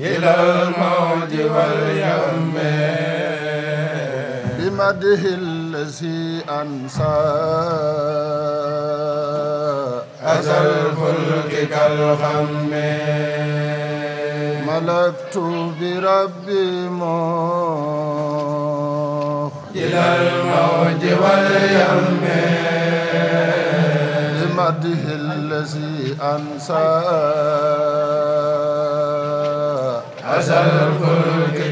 إلى الموت واليم بمده الذي أنسى أتى الفلك كالخم ملكت بربي موخ إلى الموت واليم بمده الذي أنسى asal xulqi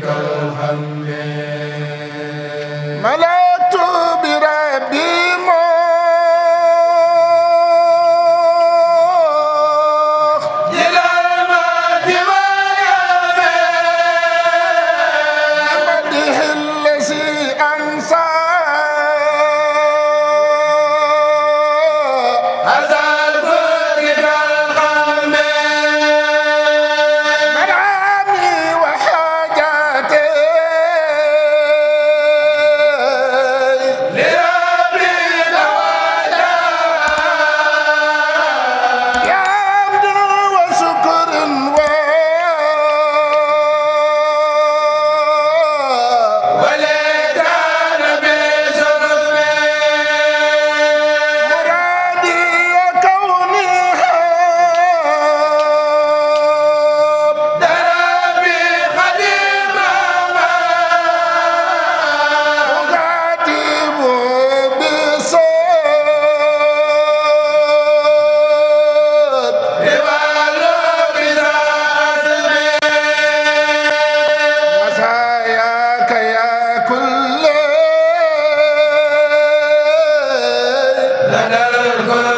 badal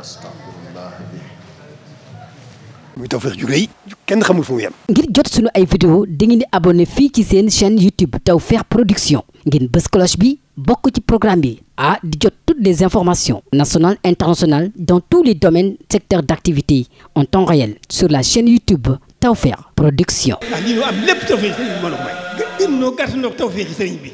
astaghfirullah bi muy Tawfekh ju rëy kenn ngir jot sunu ay vidéo dangeen di abonne fii ci seen chaîne YouTube Tawfekh Production ngeen bës cloche bi bokk ci programme bi ah di jot toutes des informations nationales internationales dans tous les domaines secteurs d'activité en temps réel sur la chaîne YouTube Tawfekh Production. ah lii